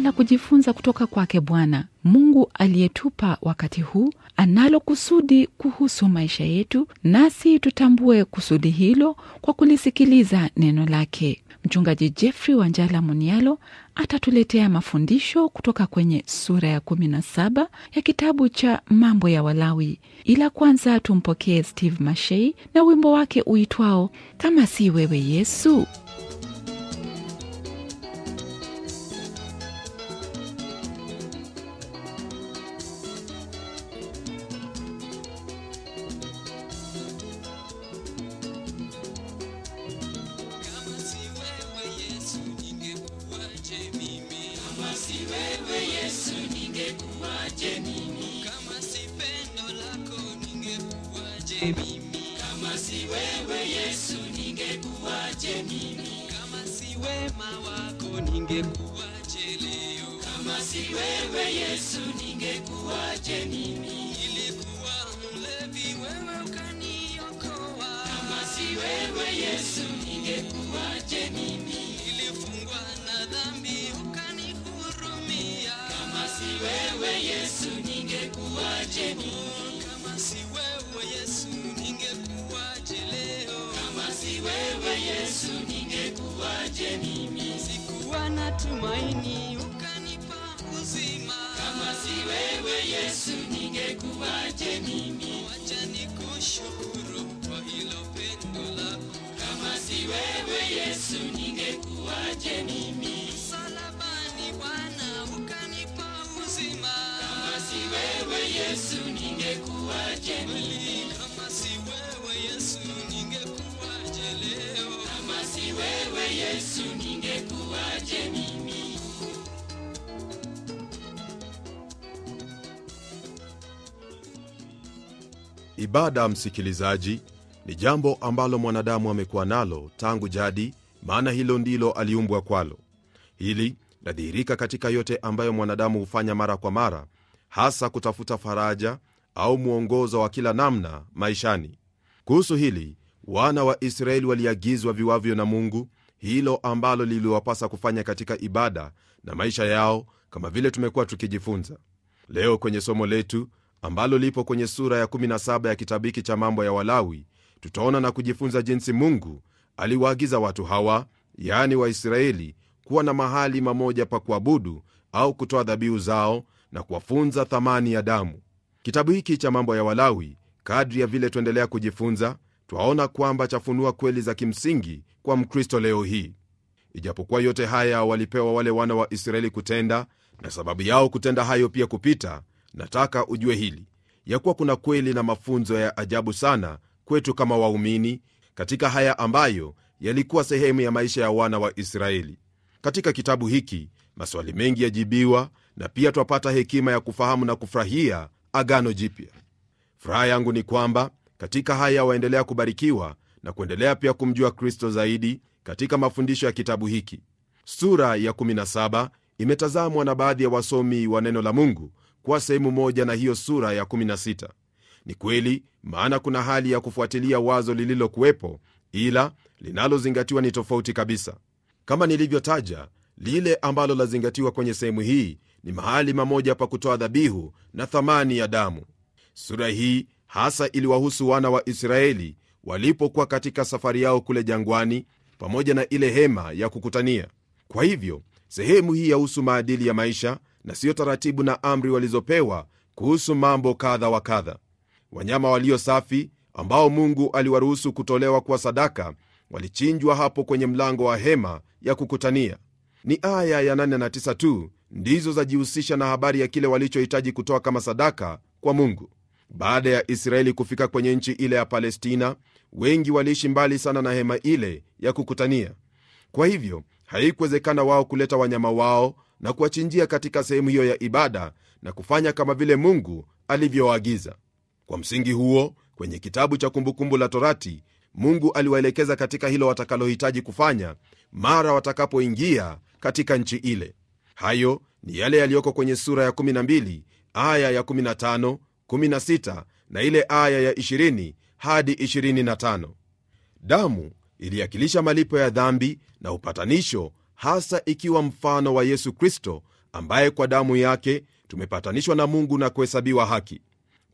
jambo la kujifunza kutoka kwake Bwana Mungu aliyetupa wakati huu. Analo kusudi kuhusu maisha yetu, nasi tutambue kusudi hilo kwa kulisikiliza neno lake. Mchungaji Jeffrey njala Munialo atatuletea mafundisho kutoka kwenye sura ya 17 ya kitabu cha Mambo ya Walawi, ila kwanza tumpokee Steve Mashei na wimbo wake uitwao Kama Si Wewe Yesu. nikuje mimi, sikuwa na tumaini ukanipa uzima. Kama si wewe Yesu, ningekuwaje mimi? Wacha nikushukuru kwa hilo pendo lako. Kama si wewe Yesu, ningekuwaje mimi? Msalabani Bwana ukanipa uzima. Kama si wewe Yesu, ningekuwaje mimi? Yesu ningekuwaje mimi? Ibada, msikilizaji, ni jambo ambalo mwanadamu amekuwa nalo tangu jadi, maana hilo ndilo aliumbwa kwalo. Hili nadhihirika katika yote ambayo mwanadamu hufanya mara kwa mara, hasa kutafuta faraja au mwongozo wa kila namna maishani. Kuhusu hili wana wa Israeli waliagizwa viwavyo na Mungu hilo ambalo liliwapasa kufanya katika ibada na maisha yao, kama vile tumekuwa tukijifunza leo kwenye somo letu ambalo lipo kwenye sura ya 17 ya kitabu hiki cha Mambo ya Walawi. Tutaona na kujifunza jinsi Mungu aliwaagiza watu hawa, yani Waisraeli, kuwa na mahali mamoja pa kuabudu au kutoa dhabihu zao na kuwafunza thamani ya damu. Kitabu hiki cha Mambo ya Walawi, kadri ya vile tuendelea kujifunza, twaona kwamba chafunua kweli za kimsingi kwa Mkristo leo hii. Ijapokuwa yote haya walipewa wale wana wa Israeli kutenda, na sababu yao kutenda hayo pia kupita, nataka ujue hili ya kuwa kuna kweli na mafunzo ya ajabu sana kwetu kama waumini katika haya ambayo yalikuwa sehemu ya maisha ya wana wa Israeli. Katika kitabu hiki maswali mengi yajibiwa, na pia twapata hekima ya kufahamu na kufurahia Agano Jipya. Furaha yangu ni kwamba katika haya waendelea kubarikiwa na kuendelea pia kumjua Kristo zaidi katika mafundisho ya kitabu hiki. Sura ya 17 imetazamwa na baadhi ya wasomi wa neno la Mungu kuwa sehemu moja na hiyo sura ya 16. Ni kweli, maana kuna hali ya kufuatilia wazo lililokuwepo, ila linalozingatiwa ni tofauti kabisa. Kama nilivyotaja, lile ambalo lazingatiwa kwenye sehemu hii ni mahali mamoja pa kutoa dhabihu na thamani ya damu. Sura hii hasa iliwahusu wana wa Israeli walipokuwa katika safari yao kule jangwani, pamoja na ile hema ya kukutania. Kwa hivyo sehemu hii yahusu maadili ya maisha na siyo taratibu na amri walizopewa kuhusu mambo kadha wa kadha. Wanyama walio safi ambao Mungu aliwaruhusu kutolewa kwa sadaka walichinjwa hapo kwenye mlango wa hema ya kukutania. Ni aya ya 8 na 9 tu ndizo zajihusisha na habari ya kile walichohitaji kutoa kama sadaka kwa Mungu. Baada ya Israeli kufika kwenye nchi ile ya Palestina, wengi waliishi mbali sana na hema ile ya kukutania. Kwa hivyo haikuwezekana wao kuleta wanyama wao na kuwachinjia katika sehemu hiyo ya ibada na kufanya kama vile Mungu alivyoagiza. Kwa msingi huo, kwenye kitabu cha Kumbukumbu la Torati, Mungu aliwaelekeza katika hilo watakalohitaji kufanya mara watakapoingia katika nchi ile. Hayo ni yale yaliyoko kwenye sura ya 12 aya ya 15 16 na ile aya ya 20 hadi 25. Damu iliakilisha malipo ya dhambi na upatanisho, hasa ikiwa mfano wa Yesu Kristo ambaye kwa damu yake tumepatanishwa na Mungu na kuhesabiwa haki.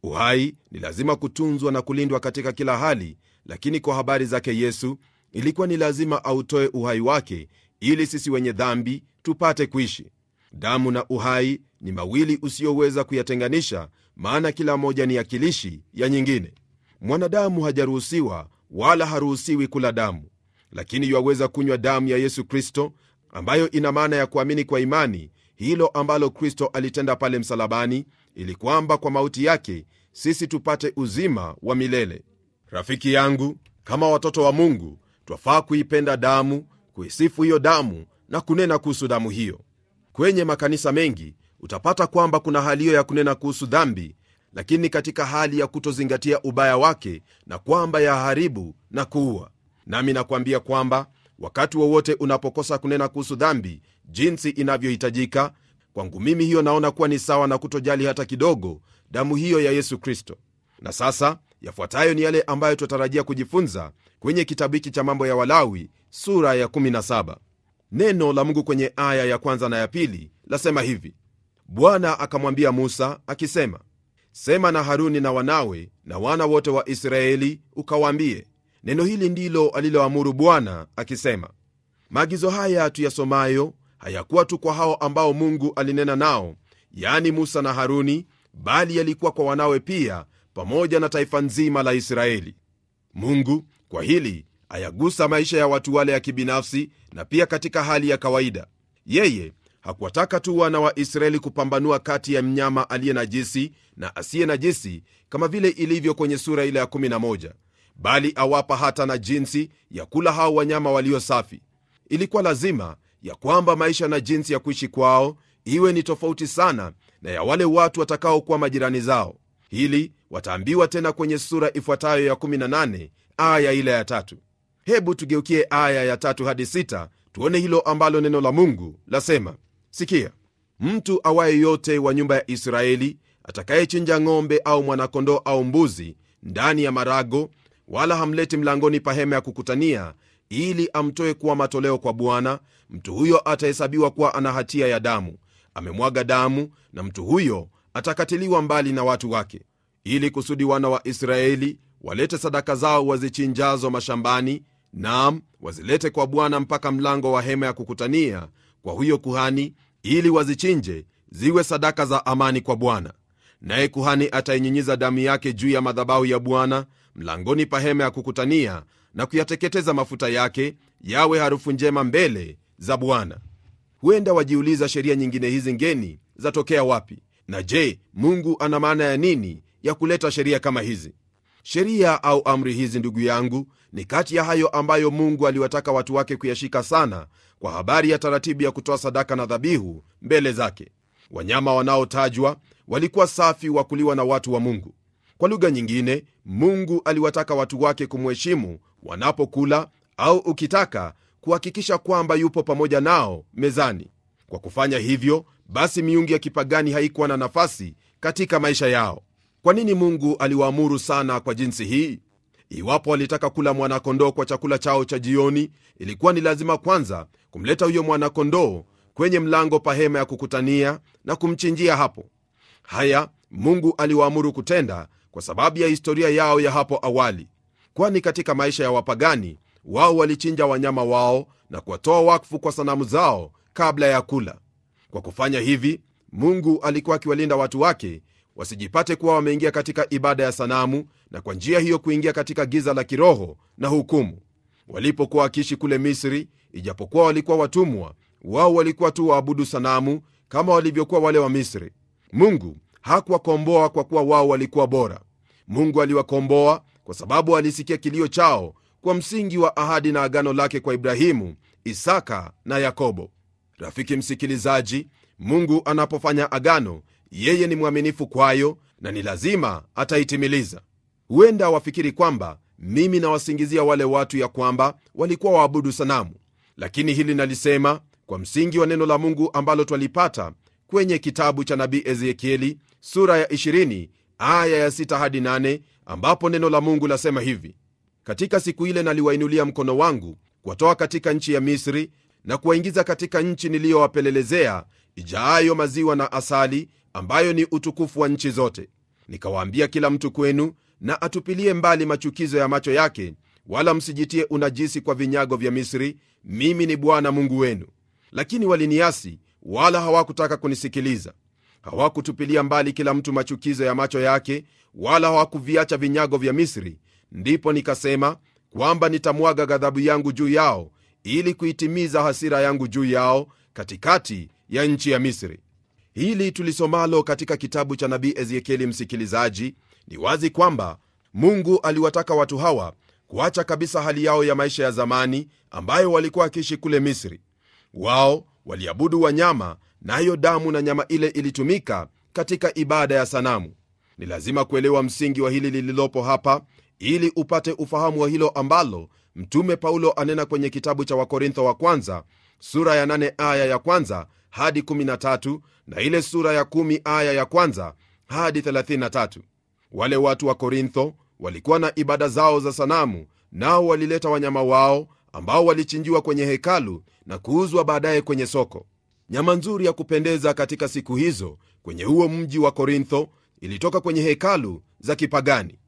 Uhai ni lazima kutunzwa na kulindwa katika kila hali, lakini kwa habari zake Yesu ilikuwa ni lazima autoe uhai wake ili sisi wenye dhambi tupate kuishi. Damu na uhai ni mawili usiyoweza kuyatenganisha, maana kila moja ni akilishi ya nyingine. Mwanadamu hajaruhusiwa wala haruhusiwi kula damu, lakini yuwaweza kunywa damu ya Yesu Kristo, ambayo ina maana ya kuamini kwa imani hilo ambalo Kristo alitenda pale msalabani, ili kwamba kwa mauti yake sisi tupate uzima wa milele. Rafiki yangu, kama watoto wa Mungu twafaa kuipenda damu, kuisifu hiyo damu na kunena kuhusu damu hiyo. Kwenye makanisa mengi utapata kwamba kuna hali hiyo ya kunena kuhusu dhambi, lakini katika hali ya kutozingatia ubaya wake na kwamba ya haribu na kuua. Nami nakuambia kwamba wakati wowote wa unapokosa kunena kuhusu dhambi jinsi inavyohitajika, kwangu mimi hiyo naona kuwa ni sawa na kutojali hata kidogo damu hiyo ya Yesu Kristo. Na sasa yafuatayo ni yale ambayo tunatarajia kujifunza kwenye kitabu hiki cha Mambo ya Walawi sura ya 17. Neno la Mungu kwenye aya ya kwanza na ya pili lasema hivi: Bwana akamwambia Musa akisema, sema na Haruni na wanawe na wana wote wa Israeli ukawaambie, neno hili ndilo aliloamuru Bwana akisema. Maagizo haya tuyasomayo hayakuwa tu kwa hao ambao Mungu alinena nao, yaani Musa na Haruni, bali yalikuwa kwa wanawe pia, pamoja na taifa nzima la Israeli. Mungu kwa hili ayagusa maisha ya watu wale ya kibinafsi na pia katika hali ya kawaida. Yeye hakuwataka tu wana wa Israeli kupambanua kati ya mnyama aliye najisi na asiye najisi kama vile ilivyo kwenye sura ile ya 11 bali awapa hata na jinsi ya kula hao wanyama walio safi. Ilikuwa lazima ya kwamba maisha na jinsi ya kuishi kwao iwe ni tofauti sana na ya wale watu watakaokuwa majirani zao. Hili wataambiwa tena kwenye sura ifuatayo ya 18 aya ile ya tatu. Hebu tugeukie aya ya tatu hadi sita tuone hilo ambalo neno la Mungu lasema sikia mtu awaye yote wa nyumba ya israeli atakayechinja ng'ombe au mwanakondoo au mbuzi ndani ya marago wala hamleti mlangoni pa hema ya kukutania ili amtoe kuwa matoleo kwa bwana mtu huyo atahesabiwa kuwa ana hatia ya damu amemwaga damu na mtu huyo atakatiliwa mbali na watu wake ili kusudi wana wa israeli walete sadaka zao wazichinjazo mashambani nam wazilete kwa bwana mpaka mlango wa hema ya kukutania kwa huyo kuhani ili wazichinje ziwe sadaka za amani kwa Bwana. Naye kuhani atainyinyiza damu yake juu ya madhabahu ya Bwana mlangoni pa hema ya kukutania, na kuyateketeza mafuta yake yawe harufu njema mbele za Bwana. Huenda wajiuliza sheria nyingine hizi ngeni zatokea wapi, na je, Mungu ana maana ya nini ya kuleta sheria kama hizi? Sheria au amri hizi, ndugu yangu, ni kati ya hayo ambayo mungu aliwataka watu wake kuyashika sana kwa habari ya taratibu ya kutoa sadaka na dhabihu mbele zake wanyama wanaotajwa walikuwa safi wa kuliwa na watu wa mungu kwa lugha nyingine mungu aliwataka watu wake kumheshimu wanapokula au ukitaka kuhakikisha kwamba yupo pamoja nao mezani kwa kufanya hivyo basi miungu ya kipagani haikuwa na nafasi katika maisha yao kwa nini mungu aliwaamuru sana kwa jinsi hii Iwapo walitaka kula mwanakondoo kwa chakula chao cha jioni, ilikuwa ni lazima kwanza kumleta huyo mwanakondoo kwenye mlango pa hema ya kukutania na kumchinjia hapo. Haya Mungu aliwaamuru kutenda kwa sababu ya historia yao ya hapo awali, kwani katika maisha ya wapagani wao walichinja wanyama wao na kuwatoa wakfu kwa sanamu zao kabla ya kula. Kwa kufanya hivi, Mungu alikuwa akiwalinda watu wake wasijipate kuwa wameingia katika ibada ya sanamu na kwa njia hiyo kuingia katika giza la kiroho na hukumu. Walipokuwa wakiishi kule Misri, ijapokuwa walikuwa watumwa, wao walikuwa tu waabudu sanamu kama walivyokuwa wale wa Misri. Mungu hakuwakomboa kwa kuwa wao walikuwa bora. Mungu aliwakomboa kwa sababu alisikia kilio chao kwa msingi wa ahadi na agano lake kwa Ibrahimu, Isaka na Yakobo. Rafiki msikilizaji, Mungu anapofanya agano yeye ni mwaminifu kwayo na ni lazima ataitimiliza. Huenda wafikiri kwamba mimi nawasingizia wale watu ya kwamba walikuwa waabudu sanamu, lakini hili nalisema kwa msingi wa neno la Mungu ambalo twalipata kwenye kitabu cha nabii Ezekieli sura ya 20 aya ya 6 hadi 8, ambapo neno la Mungu lasema hivi: katika siku ile naliwainulia mkono wangu kuwatoa katika nchi ya Misri na kuwaingiza katika nchi niliyowapelelezea ijaayo maziwa na asali, ambayo ni utukufu wa nchi zote. Nikawaambia kila mtu kwenu na atupilie mbali machukizo ya macho yake, wala msijitie unajisi kwa vinyago vya Misri. Mimi ni Bwana Mungu wenu. Lakini waliniasi, wala hawakutaka kunisikiliza. Hawakutupilia mbali kila mtu machukizo ya macho yake, wala hawakuviacha vinyago vya Misri. Ndipo nikasema kwamba nitamwaga ghadhabu yangu juu yao, ili kuitimiza hasira yangu juu yao katikati ya nchi ya Misri hili tulisomalo katika kitabu cha nabii Ezekieli, msikilizaji, ni wazi kwamba Mungu aliwataka watu hawa kuacha kabisa hali yao ya maisha ya zamani ambayo walikuwa wakiishi kule Misri. Wao waliabudu wanyama, nayo na damu na nyama ile ilitumika katika ibada ya sanamu. Ni lazima kuelewa msingi wa hili lililopo hapa ili upate ufahamu wa hilo ambalo Mtume Paulo anena kwenye kitabu cha Wakorintho wa kwanza sura ya 8 aya ya kwanza hadi 13 na ile sura ya 1 aya ya kwanza hadi 33. Wale watu wa Korintho walikuwa na ibada zao za sanamu, nao walileta wanyama wao ambao walichinjiwa kwenye hekalu na kuuzwa baadaye kwenye soko. Nyama nzuri ya kupendeza katika siku hizo kwenye huo mji wa Korintho ilitoka kwenye hekalu za kipagani.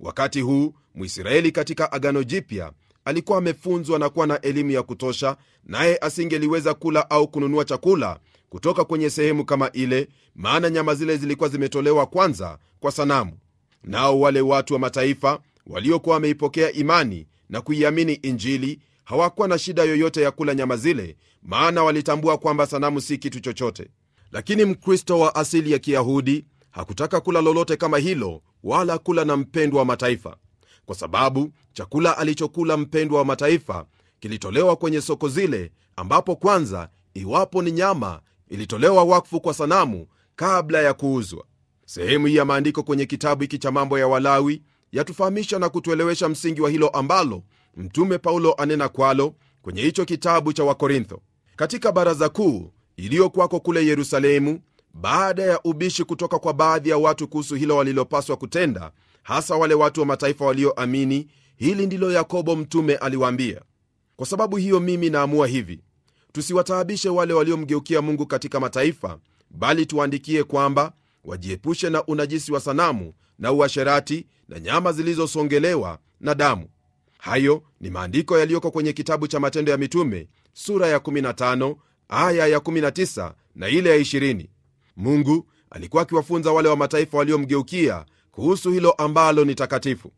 Wakati huu Mwisraeli katika Agano Jipya alikuwa amefunzwa na kuwa na elimu ya kutosha, naye asingeliweza kula au kununua chakula kutoka kwenye sehemu kama ile, maana nyama zile zilikuwa zimetolewa kwanza kwa sanamu. Nao wale watu wa mataifa waliokuwa wameipokea imani na kuiamini Injili hawakuwa na shida yoyote ya kula nyama zile, maana walitambua kwamba sanamu si kitu chochote. Lakini Mkristo wa asili ya Kiyahudi hakutaka kula lolote kama hilo, wala kula na mpendwa wa mataifa kwa sababu chakula alichokula mpendwa wa mataifa kilitolewa kwenye soko zile, ambapo kwanza, iwapo ni nyama, ilitolewa wakfu kwa sanamu kabla ya kuuzwa. Sehemu hii ya maandiko kwenye kitabu hiki cha Mambo ya Walawi yatufahamisha na kutuelewesha msingi wa hilo ambalo Mtume Paulo anena kwalo kwenye hicho kitabu cha Wakorintho katika baraza kuu iliyokwako kule Yerusalemu, baada ya ubishi kutoka kwa baadhi ya watu kuhusu hilo walilopaswa kutenda, hasa wale watu wa mataifa walioamini. Hili ndilo Yakobo mtume aliwaambia. Kwa sababu hiyo, mimi naamua hivi, tusiwataabishe wale waliomgeukia Mungu katika mataifa, bali tuwaandikie kwamba wajiepushe na unajisi wa sanamu na uasherati na nyama zilizosongelewa na damu. Hayo ni maandiko yaliyoko kwenye kitabu cha Matendo ya Mitume sura ya 15 aya ya 19 na ile ya 20. Mungu alikuwa akiwafunza wale wa mataifa waliomgeukia kuhusu hilo ambalo ni takatifu.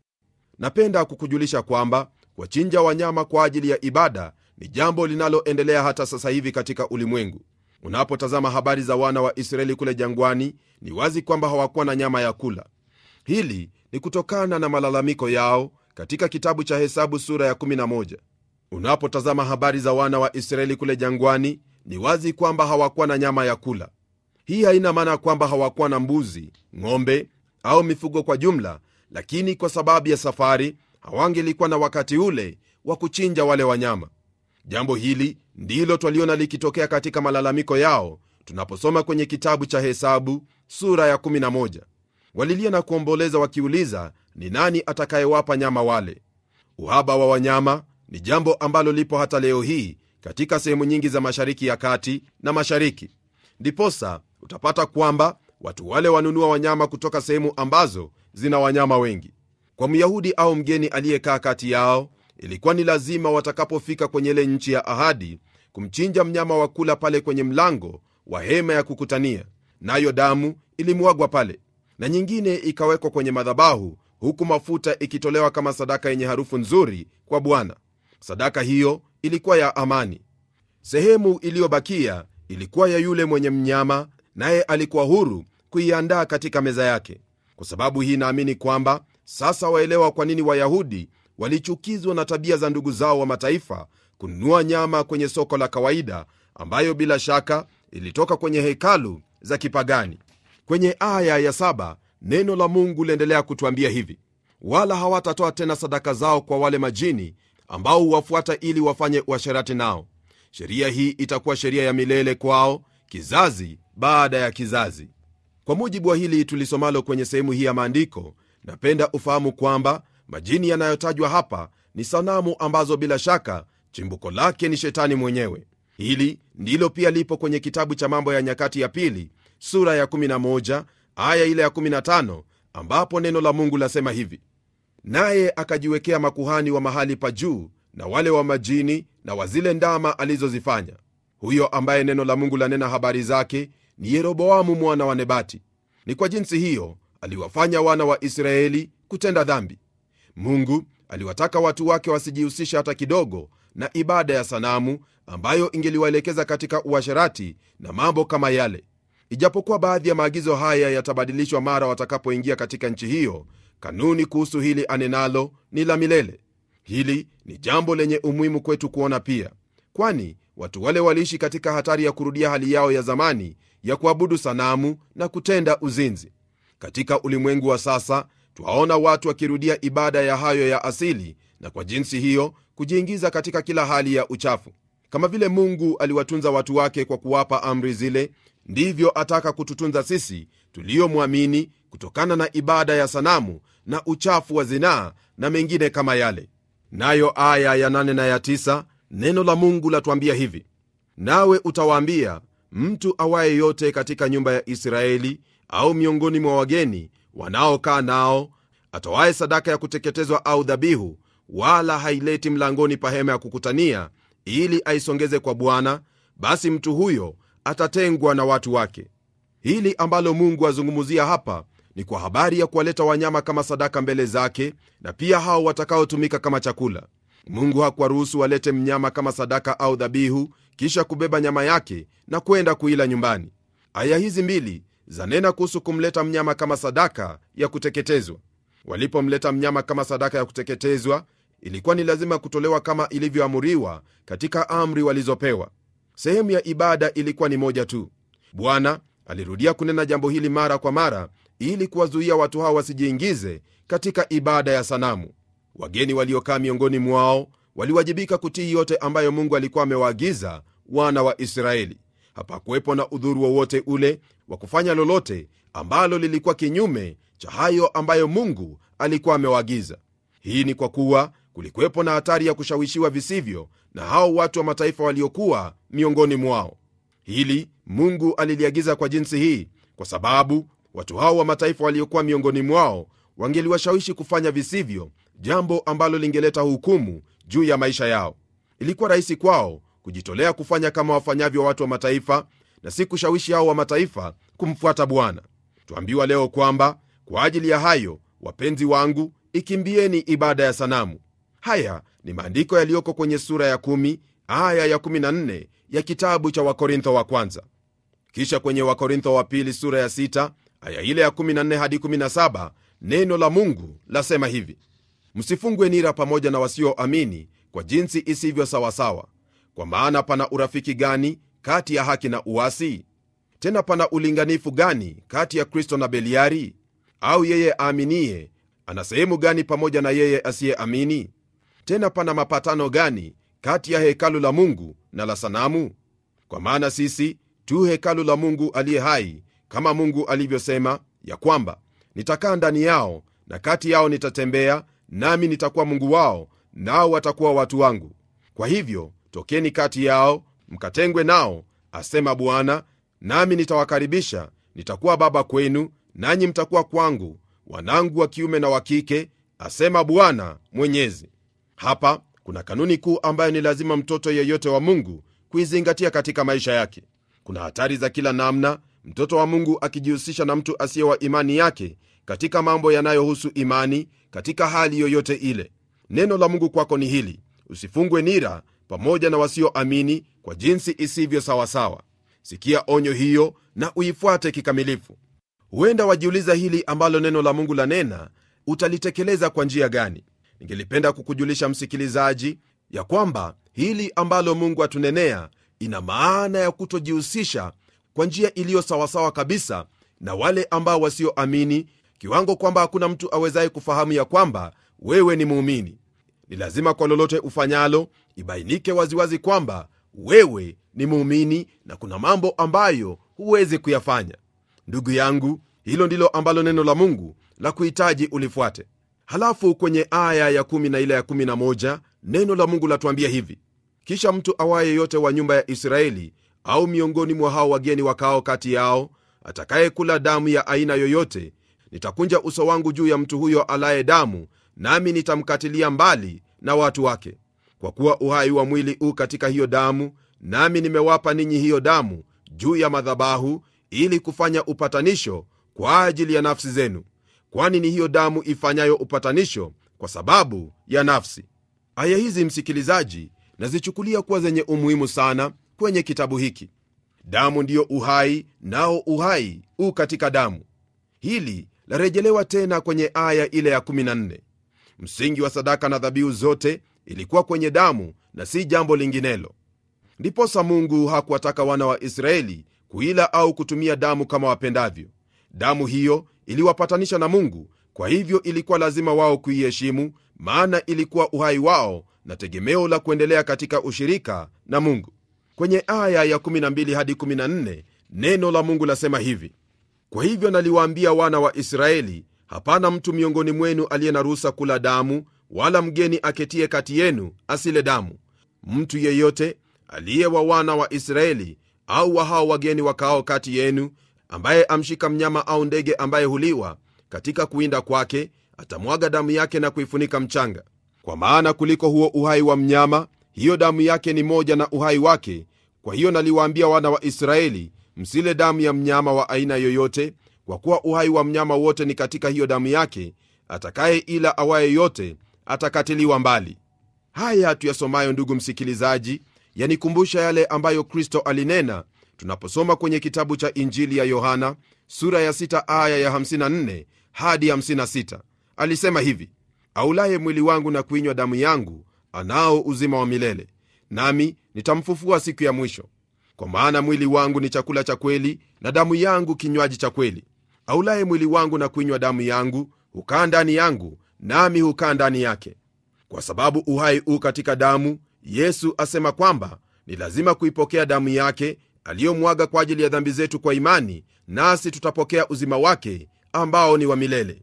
Napenda kukujulisha kwamba kuwachinja wanyama kwa ajili ya ibada ni jambo linaloendelea hata sasa hivi katika ulimwengu. Unapotazama habari za wana wa Israeli kule jangwani, ni wazi kwamba hawakuwa na nyama ya kula. Hili ni kutokana na malalamiko yao katika kitabu cha Hesabu sura ya 11. Unapotazama habari za wana wa Israeli kule jangwani, ni wazi kwamba hawakuwa na nyama ya kula. Hii haina maana kwamba hawakuwa na mbuzi, ng'ombe au mifugo kwa jumla, lakini kwa sababu ya safari hawangelikuwa na wakati ule wa kuchinja wale wanyama. Jambo hili ndilo twaliona likitokea katika malalamiko yao tunaposoma kwenye kitabu cha Hesabu sura ya 11. Walilia na kuomboleza wakiuliza ni nani atakayewapa nyama wale. Uhaba wa wanyama ni jambo ambalo lipo hata leo hii katika sehemu nyingi za Mashariki ya Kati na Mashariki. Ndiposa utapata kwamba watu wale wanunua wanyama kutoka sehemu ambazo zina wanyama wengi. Kwa Myahudi au mgeni aliyekaa kati yao, ilikuwa ni lazima watakapofika kwenye ile nchi ya ahadi kumchinja mnyama wa kula pale kwenye mlango wa hema ya kukutania, nayo damu ilimwagwa pale, na nyingine ikawekwa kwenye madhabahu, huku mafuta ikitolewa kama sadaka yenye harufu nzuri kwa Bwana. Sadaka hiyo ilikuwa ya amani. Sehemu iliyobakia ilikuwa ya yule mwenye mnyama naye alikuwa huru kuiandaa katika meza yake. Kwa sababu hii, naamini kwamba sasa waelewa kwa nini Wayahudi walichukizwa na tabia za ndugu zao wa mataifa kununua nyama kwenye soko la kawaida, ambayo bila shaka ilitoka kwenye hekalu za kipagani. Kwenye aya ya saba neno la Mungu liendelea kutuambia hivi: wala hawatatoa tena sadaka zao kwa wale majini ambao huwafuata ili wafanye uasharati nao. Sheria hii itakuwa sheria ya milele kwao, kizazi baada ya kizazi. Kwa mujibu wa hili tulisomalo kwenye sehemu hii ya maandiko, napenda ufahamu kwamba majini yanayotajwa hapa ni sanamu ambazo bila shaka chimbuko lake ni shetani mwenyewe. Hili ndilo pia lipo kwenye kitabu cha Mambo ya Nyakati ya Pili sura ya 11 aya ile ya 15, ambapo neno la Mungu lasema hivi: naye akajiwekea makuhani wa mahali pa juu na wale wa majini na wa zile ndama alizozifanya. Huyo ambaye neno la Mungu lanena habari zake ni Yeroboamu mwana wa Nebati. Ni kwa jinsi hiyo aliwafanya wana wa Israeli kutenda dhambi. Mungu aliwataka watu wake wasijihusisha hata kidogo na ibada ya sanamu ambayo ingeliwaelekeza katika uasherati na mambo kama yale. Ijapokuwa baadhi ya maagizo haya yatabadilishwa mara watakapoingia katika nchi hiyo, kanuni kuhusu hili anenalo ni la milele. Hili ni jambo lenye umuhimu kwetu kuona pia, kwani watu wale waliishi katika hatari ya kurudia hali yao ya zamani ya kuabudu sanamu na kutenda uzinzi katika ulimwengu wa sasa twaona watu wakirudia ibada ya hayo ya asili na kwa jinsi hiyo kujiingiza katika kila hali ya uchafu kama vile mungu aliwatunza watu wake kwa kuwapa amri zile ndivyo ataka kututunza sisi tuliyomwamini kutokana na ibada ya sanamu na uchafu wa zinaa na mengine kama yale nayo aya ya nane na ya neno la mungu latwambia hivi nawe utawaambia mtu awaye yote katika nyumba ya Israeli au miongoni mwa wageni wanaokaa nao atoaye sadaka ya kuteketezwa au dhabihu, wala haileti mlangoni pa hema ya kukutania ili aisongeze kwa Bwana, basi mtu huyo atatengwa na watu wake. Hili ambalo Mungu azungumzia hapa ni kwa habari ya kuwaleta wanyama kama sadaka mbele zake, na pia hao watakaotumika kama chakula. Mungu hakuwaruhusu walete mnyama kama sadaka au dhabihu kisha kubeba nyama yake na kwenda kuila nyumbani. Aya hizi mbili zanena kuhusu kumleta mnyama kama sadaka ya kuteketezwa. Walipomleta mnyama kama sadaka ya kuteketezwa, ilikuwa ni lazima kutolewa kama ilivyoamuriwa katika amri walizopewa. Sehemu ya ibada ilikuwa ni moja tu. Bwana alirudia kunena jambo hili mara kwa mara ili kuwazuia watu hao wasijiingize katika ibada ya sanamu. Wageni waliokaa miongoni mwao waliwajibika kutii yote ambayo mungu alikuwa amewaagiza wana wa israeli hapakuwepo na udhuru wowote ule wa kufanya lolote ambalo lilikuwa kinyume cha hayo ambayo mungu alikuwa amewaagiza hii ni kwa kuwa kulikuwepo na hatari ya kushawishiwa visivyo na hao watu wa mataifa waliokuwa miongoni mwao hili mungu aliliagiza kwa jinsi hii kwa sababu watu hao wa mataifa waliokuwa miongoni mwao wangeliwashawishi kufanya visivyo jambo ambalo lingeleta hukumu juu ya maisha yao. Ilikuwa rahisi kwao kujitolea kufanya kama wafanyavyo watu wa mataifa na si kushawishi hao wa mataifa kumfuata Bwana. Twambiwa leo kwamba kwa ajili ya hayo, wapenzi wangu, ikimbieni ibada ya sanamu. Haya ni maandiko yaliyoko kwenye sura ya kumi aya ya 14 ya kitabu cha Wakorintho wa kwanza. Kisha kwenye Wakorintho wa pili sura ya 6 aya ile ya 14 hadi 17 neno la Mungu lasema hivi: Msifungwe nira pamoja na wasioamini kwa jinsi isivyo sawasawa, kwa maana pana urafiki gani kati ya haki na uasi? Tena pana ulinganifu gani kati ya Kristo na Beliari? Au yeye aaminiye ana sehemu gani pamoja na yeye asiyeamini? Tena pana mapatano gani kati ya hekalu la Mungu na la sanamu? Kwa maana sisi tu hekalu la Mungu aliye hai, kama Mungu alivyosema ya kwamba nitakaa ndani yao na kati yao nitatembea nami nitakuwa Mungu wao, nao watakuwa watu wangu. Kwa hivyo tokeni kati yao, mkatengwe nao, asema Bwana, nami nitawakaribisha. Nitakuwa baba kwenu, nanyi mtakuwa kwangu wanangu wa kiume na wa kike, asema Bwana Mwenyezi. Hapa kuna kanuni kuu ambayo ni lazima mtoto yeyote wa Mungu kuizingatia katika maisha yake. Kuna hatari za kila namna mtoto wa Mungu akijihusisha na mtu asiye wa imani yake katika mambo yanayohusu imani, katika hali yoyote ile. Neno la Mungu kwako ni hili: usifungwe nira pamoja na wasioamini kwa jinsi isivyo sawasawa. Sikia onyo hiyo na uifuate kikamilifu. Huenda wajiuliza hili ambalo neno la Mungu lanena, utalitekeleza kwa njia gani? Ningelipenda kukujulisha msikilizaji, ya kwamba hili ambalo Mungu atunenea ina maana ya kutojihusisha kwa njia iliyo sawasawa kabisa na wale ambao wasioamini kiwango kwamba hakuna mtu awezaye kufahamu ya kwamba wewe ni muumini. Ni lazima kwa lolote ufanyalo ibainike waziwazi kwamba wewe ni muumini na kuna mambo ambayo huwezi kuyafanya. Ndugu yangu, hilo ndilo ambalo neno la Mungu la kuhitaji ulifuate. Halafu kwenye aya ya 1 na ile ya neno la Mungu latuambia hivi: kisha mtu awaye yeyote wa nyumba ya Israeli au miongoni mwa hao wageni wakao kati yao atakayekula damu ya aina yoyote nitakunja uso wangu juu ya mtu huyo alaye damu, nami nitamkatilia mbali na watu wake, kwa kuwa uhai wa mwili u katika hiyo damu, nami nimewapa ninyi hiyo damu juu ya madhabahu, ili kufanya upatanisho kwa ajili ya nafsi zenu, kwani ni hiyo damu ifanyayo upatanisho kwa sababu ya nafsi. Aya hizi msikilizaji, nazichukulia kuwa zenye umuhimu sana kwenye kitabu hiki. Damu ndiyo uhai, nao uhai u katika damu. Hili larejelewa tena kwenye aya ile ya 14. Msingi wa sadaka na dhabihu zote ilikuwa kwenye damu na si jambo linginelo. Ndiposa Mungu hakuwataka wana wa Israeli kuila au kutumia damu kama wapendavyo. Damu hiyo iliwapatanisha na Mungu, kwa hivyo ilikuwa lazima wao kuiheshimu, maana ilikuwa uhai wao na tegemeo la kuendelea katika ushirika na Mungu. Kwenye aya ya 12 hadi 14 neno la Mungu lasema hivi: kwa hivyo naliwaambia wana wa israeli hapana mtu miongoni mwenu aliye na ruhusa kula damu wala mgeni aketie kati yenu asile damu mtu yeyote aliye wa wana wa israeli au wa hao wageni wakaao kati yenu ambaye amshika mnyama au ndege ambaye huliwa katika kuinda kwake atamwaga damu yake na kuifunika mchanga kwa maana kuliko huo uhai wa mnyama hiyo damu yake ni moja na uhai wake kwa hiyo naliwaambia wana wa israeli Msile damu ya mnyama wa aina yoyote, kwa kuwa uhai wa mnyama wote ni katika hiyo damu yake. Atakaye ila awaye yote atakatiliwa mbali. Haya tuyasomayo, ndugu msikilizaji, yanikumbusha yale ambayo Kristo alinena tunaposoma kwenye kitabu cha Injili ya Yohana sura ya 6 aya ya 54 hadi 56. Alisema hivi: aulaye mwili wangu na kuinywa damu yangu anao uzima wa milele, nami nitamfufua siku ya mwisho. Kwa maana mwili wangu ni chakula cha kweli, na damu yangu kinywaji cha kweli. Aulaye mwili wangu na kuinywa damu yangu hukaa ndani yangu, nami hukaa ndani yake. Kwa sababu uhai u katika damu, Yesu asema kwamba ni lazima kuipokea damu yake aliyomwaga kwa ajili ya dhambi zetu kwa imani, nasi tutapokea uzima wake ambao ni wa milele.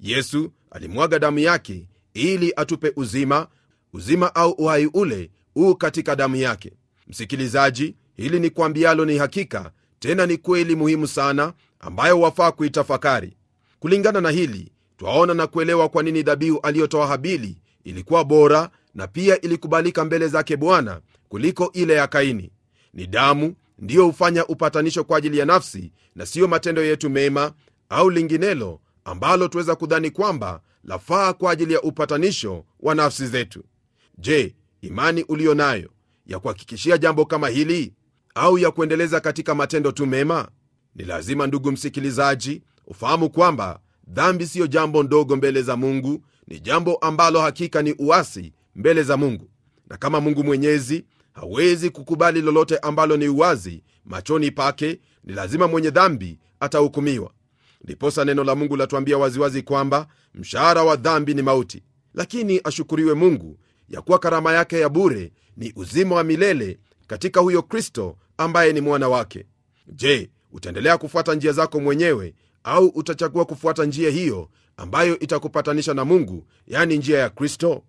Yesu alimwaga damu yake ili atupe uzima, uzima au uhai ule u katika damu yake. Msikilizaji, hili ni kwambialo ni hakika tena ni kweli muhimu sana ambayo wafaa kuitafakari kulingana na hili twaona na kuelewa kwa nini dhabihu aliyotoa habili ilikuwa bora na pia ilikubalika mbele zake bwana kuliko ile ya kaini ni damu ndiyo hufanya upatanisho kwa ajili ya nafsi na siyo matendo yetu mema au linginelo ambalo tuweza kudhani kwamba lafaa kwa ajili ya upatanisho wa nafsi zetu je imani uliyo nayo ya kuhakikishia jambo kama hili au ya kuendeleza katika matendo tu mema? Ni lazima ndugu msikilizaji, ufahamu kwamba dhambi siyo jambo ndogo mbele za Mungu, ni jambo ambalo hakika ni uasi mbele za Mungu, na kama Mungu mwenyezi hawezi kukubali lolote ambalo ni uwazi machoni pake, ni lazima mwenye dhambi atahukumiwa. Ndiposa neno la Mungu latuambia waziwazi kwamba mshahara wa dhambi ni mauti, lakini ashukuriwe Mungu ya kuwa karama yake ya bure ni uzima wa milele katika huyo Kristo ambaye ni mwana wake je utaendelea kufuata njia zako mwenyewe au utachagua kufuata njia hiyo ambayo itakupatanisha na mungu yani njia ya kristo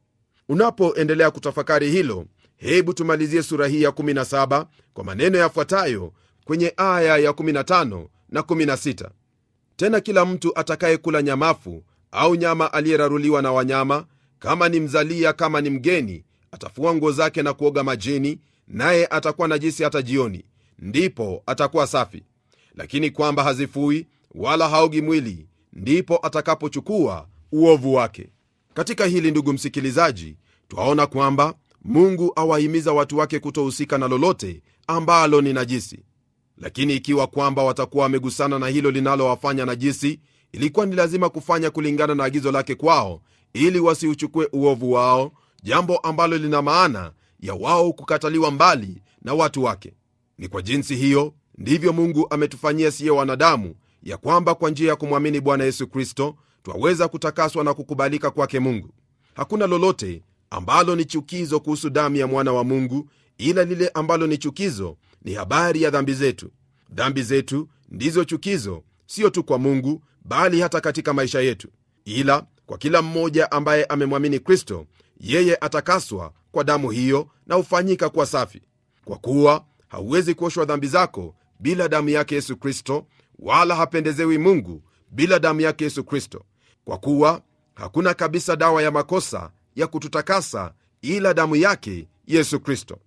unapoendelea kutafakari hilo hebu tumalizie sura hii ya 17 kwa maneno yafuatayo kwenye aya ya 15 na 16 tena kila mtu atakayekula nyamafu au nyama aliyeraruliwa na wanyama kama ni mzalia kama ni mgeni atafua nguo zake na kuoga majini naye atakuwa najisi hata jioni, ndipo atakuwa safi. Lakini kwamba hazifui wala haogi mwili, ndipo atakapochukua uovu wake. Katika hili, ndugu msikilizaji, twaona kwamba Mungu awahimiza watu wake kutohusika na lolote ambalo ni najisi. Lakini ikiwa kwamba watakuwa wamegusana na hilo linalowafanya najisi, ilikuwa ni lazima kufanya kulingana na agizo lake kwao, ili wasiuchukue uovu wao, jambo ambalo lina maana ya wao kukataliwa mbali na watu wake. Ni kwa jinsi hiyo ndivyo Mungu ametufanyia siye wanadamu, ya kwamba kwa njia ya kumwamini Bwana Yesu Kristo twaweza kutakaswa na kukubalika kwake Mungu. Hakuna lolote ambalo ni chukizo kuhusu damu ya mwana wa Mungu, ila lile ambalo ni chukizo ni habari ya dhambi zetu. Dhambi zetu ndizo chukizo, sio tu kwa Mungu, bali hata katika maisha yetu. Ila kwa kila mmoja ambaye amemwamini Kristo, yeye atakaswa kwa damu hiyo na hufanyika kuwa safi kwa kuwa hauwezi kuoshwa dhambi zako bila damu yake yesu kristo wala hapendezewi mungu bila damu yake yesu kristo kwa kuwa hakuna kabisa dawa ya makosa ya kututakasa ila damu yake yesu kristo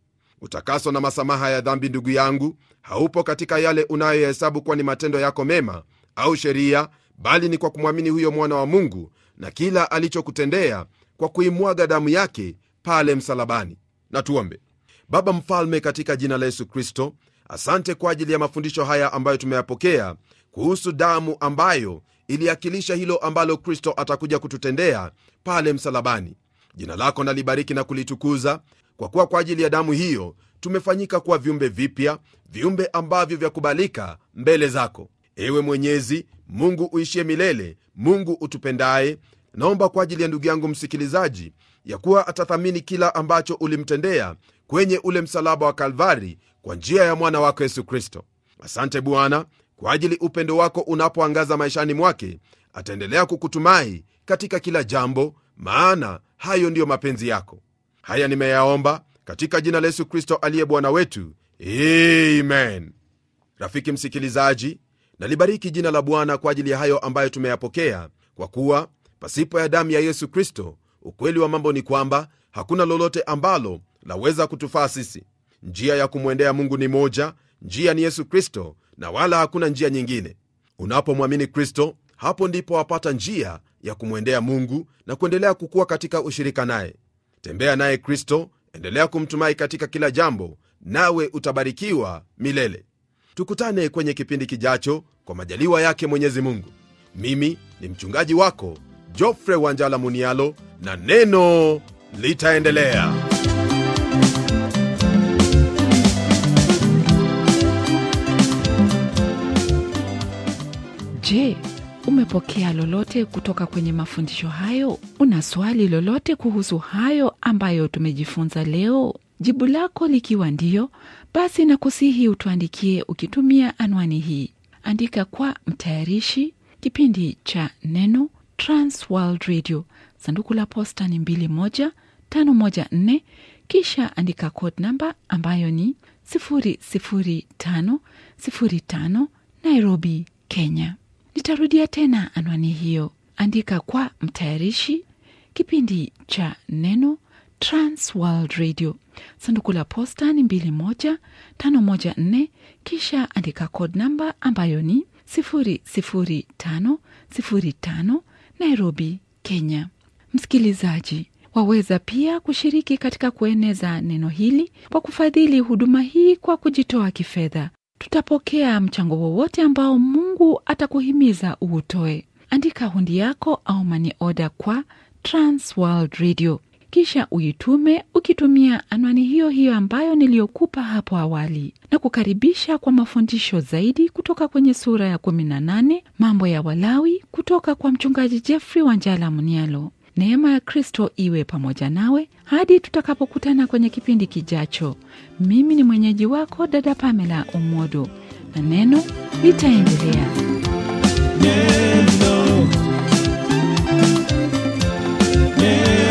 utakaso na masamaha ya dhambi ndugu yangu haupo katika yale unayoyahesabu kuwa ni matendo yako mema au sheria bali ni kwa kumwamini huyo mwana wa mungu na kila alichokutendea kwa kuimwaga damu yake pale msalabani. Na tuombe. Baba Mfalme, katika jina la Yesu Kristo, asante kwa ajili ya mafundisho haya ambayo tumeyapokea kuhusu damu ambayo iliakilisha hilo ambalo Kristo atakuja kututendea pale msalabani. Jina lako nalibariki na kulitukuza, kwa kuwa kwa ajili ya damu hiyo tumefanyika kuwa viumbe vipya, viumbe ambavyo vya kubalika mbele zako. Ewe Mwenyezi Mungu uishie milele, Mungu utupendaye, naomba kwa ajili ya ndugu yangu msikilizaji ya kuwa atathamini kila ambacho ulimtendea kwenye ule msalaba wa Kalvari kwa njia ya mwana wako Yesu Kristo. Asante Bwana kwa ajili upendo wako unapoangaza maishani mwake, ataendelea kukutumai katika kila jambo, maana hayo ndiyo mapenzi yako. Haya nimeyaomba katika jina la Yesu Kristo aliye Bwana wetu, amen. Rafiki msikilizaji, nalibariki jina la Bwana kwa ajili ya hayo ambayo tumeyapokea, kwa kuwa pasipo ya damu ya Yesu Kristo Ukweli wa mambo ni kwamba hakuna lolote ambalo laweza kutufaa sisi. Njia ya kumwendea Mungu ni moja, njia ni Yesu Kristo, na wala hakuna njia nyingine. Unapomwamini Kristo, hapo ndipo wapata njia ya kumwendea Mungu na kuendelea kukuwa katika ushirika naye. Tembea naye Kristo, endelea kumtumai katika kila jambo, nawe utabarikiwa milele. Tukutane kwenye kipindi kijacho, kwa majaliwa yake Mwenyezi Mungu. Mimi ni mchungaji wako Jofre Wanjala Munialo na neno litaendelea. Je, umepokea lolote kutoka kwenye mafundisho hayo? Una swali lolote kuhusu hayo ambayo tumejifunza leo? Jibu lako likiwa ndiyo, basi nakusihi utuandikie ukitumia anwani hii: andika kwa mtayarishi kipindi cha Neno, Transworld Radio, sanduku la posta ni 21514 kisha andika code namba ambayo ni 00505 nairobi kenya nitarudia tena anwani hiyo andika kwa mtayarishi kipindi cha neno transworld radio sanduku la posta ni 21514 kisha andika code namba ambayo ni 00505 nairobi kenya Msikilizaji, waweza pia kushiriki katika kueneza neno hili kwa kufadhili huduma hii kwa kujitoa kifedha. Tutapokea mchango wowote ambao Mungu atakuhimiza uutoe. Andika hundi yako au mani oda kwa transworld Radio, kisha uitume ukitumia anwani hiyo hiyo ambayo niliyokupa hapo awali, na kukaribisha kwa mafundisho zaidi kutoka kwenye sura ya 18 mambo ya Walawi kutoka kwa Mchungaji Jeffrey Wanjala Mnialo. Neema ya Kristo iwe pamoja nawe hadi tutakapokutana kwenye kipindi kijacho. Mimi ni mwenyeji wako dada Pamela umodo na neno litaendelea. Neno. Neno.